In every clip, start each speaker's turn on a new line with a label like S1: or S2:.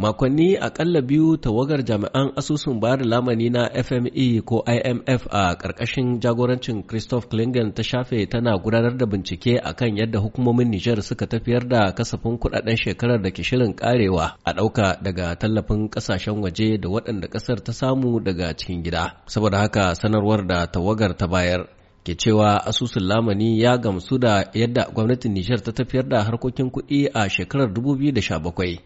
S1: makonni akalla biyu tawagar jami'an asusun bayar lamani na fme ko imf a ƙarƙashin jagorancin christoph klingen ta shafe tana gudanar da bincike akan yadda hukumomin Niger suka tafiyar da kasafin kudaden shekarar da ke shirin karewa a ɗauka daga tallafin ƙasashen waje da waɗanda ƙasar ta samu daga cikin gida saboda haka sanarwar da tawagar ta bayar ke cewa asusun lamani ya gamsu da yadda gwamnatin Nijar ta tafiyar da harkokin kuɗi a shekarar 2017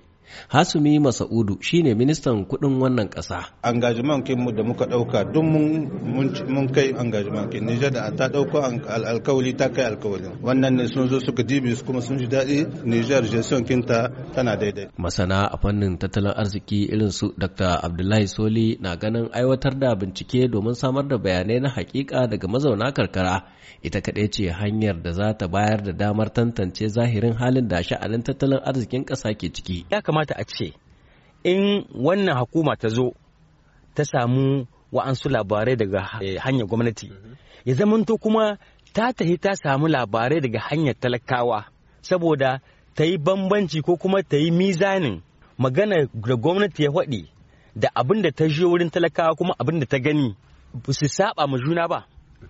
S1: Hasumi Masa'udu shine ministan kuɗin wannan ƙasa.
S2: Engagement kin mu da muka ɗauka duk mun kai engagement kin Nijar da ta ɗauko alkawali ta kai alkawalin. Wannan ne sun zo suka su kuma sun ji daɗi Nijar gestion kinta tana daidai.
S1: Masana a fannin tattalin arziki irin su Dr. Abdullahi Soli na ganin aiwatar da bincike domin samar da bayanai na hakika daga mazauna karkara ita kaɗai ce hanyar da za ta bayar da damar tantance zahirin halin da sha'anin tattalin arzikin ƙasa ke ciki. kamata a ce in wannan hukuma ta zo ta samu wa'ansu labarai daga
S3: eh, hanyar gwamnati mm-hmm. ya zamanto kuma ta tahi ta samu labarai daga hanyar talakawa saboda ta yi bambanci ko kuma ta yi mizanin magana da gwamnati ya faɗi da abin da ta je wurin talakawa kuma abin da ta gani su saba ma juna ba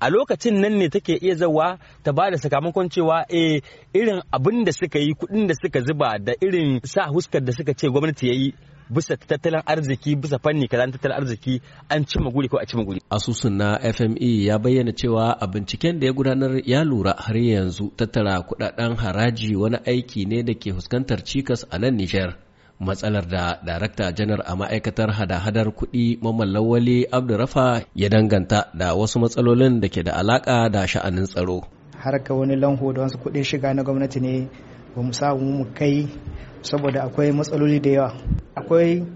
S3: a lokacin nan ne take iya zawa ta ba da sakamakon cewa e irin abin da suka yi kuɗin da suka zuba da irin sa huskar da suka ce gwamnati ya yi bisa tattalin arziki bisa fanni kaza tattalin arziki an ci maguri ko a ci maguri. Asusun
S1: na FME ya bayyana cewa a binciken da ya gudanar ya lura har yanzu tattara kudaden haraji wani aiki ne da ke huskantar cikas a nan Nijar. matsalar da darakta janar a ma'aikatar hada-hadar kuɗi Lawali abdurrafa ya danganta da wasu matsalolin da ke da alaƙa da sha'anin tsaro
S4: Har ka wani lanho da wasu kuɗin shiga na gwamnati ne ba mu samu mu kai saboda akwai matsaloli da yawa akwai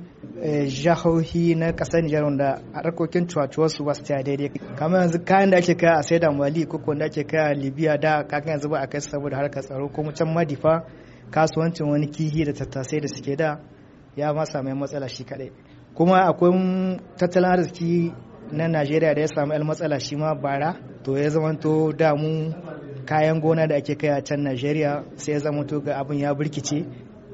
S4: eh, jahohi na ƙasar Nijar wanda harkokin cuwacuwarsu ba su ta daidai kamar yanzu kayan da ake kaya a saida mali ko da ake kaya libya da kakan yanzu ba a kai saboda harkar tsaro ko mu can madifa kasuwancin wani kihi da tattasai da suke da ya ma samu matsala shi kadai kuma akwai tattalin arziki na najeriya da ya samu yan matsala shi ma bara to ya zama zamanto damu kayan gona da ake kai a can najeriya sai ya zama to ga abin ya birkice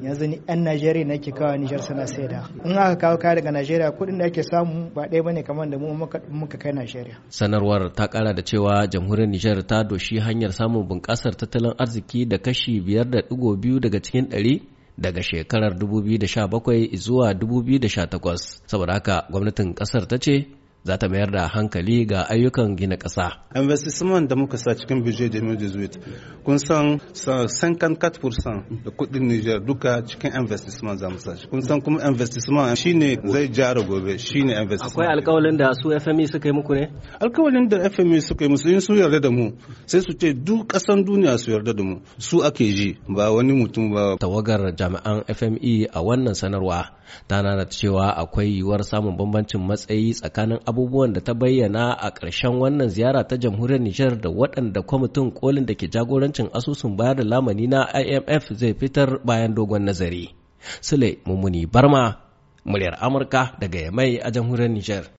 S4: yanzu ni yan najeriya nake kawo nijar suna saida in aka kawo kaya daga najeriya kuɗin da ake samu ba ɗaya bane kamar da mu muka kai najeriya
S1: sanarwar ta kara da cewa jamhuriyar nijar ta doshi hanyar samun bunƙasar tattalin arziki da kashi biyar da ɗigo biyu daga cikin ɗari daga shekarar 2017 zuwa 2018 saboda haka gwamnatin ƙasar ta ce za ta mayar da hankali
S2: ga ayyukan gina ƙasa. Investissement da muka sa cikin budget 2018 kun san 54% da kudin Niger duka cikin investissement za mu sa Kun san kuma investissement shine zai jara gobe shine investissement. Akwai alƙawalin da su FMI e suka yi muku ne? Alƙawalin da FMI e suka yi musu in su yarda da mu sai su ce duk ƙasan duniya su yarda da mu su ake ji ba wani mutum ba. Tawagar jami'an FMI e a wannan sanarwa
S1: ta nana cewa akwai yiwuwar samun bambancin matsayi tsakanin abubuwan da ta bayyana a ƙarshen wannan ziyara ta jamhuriyar Nijar da waɗanda kwamitin kolin da ke jagorancin asusun bayar da lamani na IMF zai fitar bayan dogon nazari. Sule Mumuni Barma, muryar Amurka daga Yamai a jamhuriyar Nijar.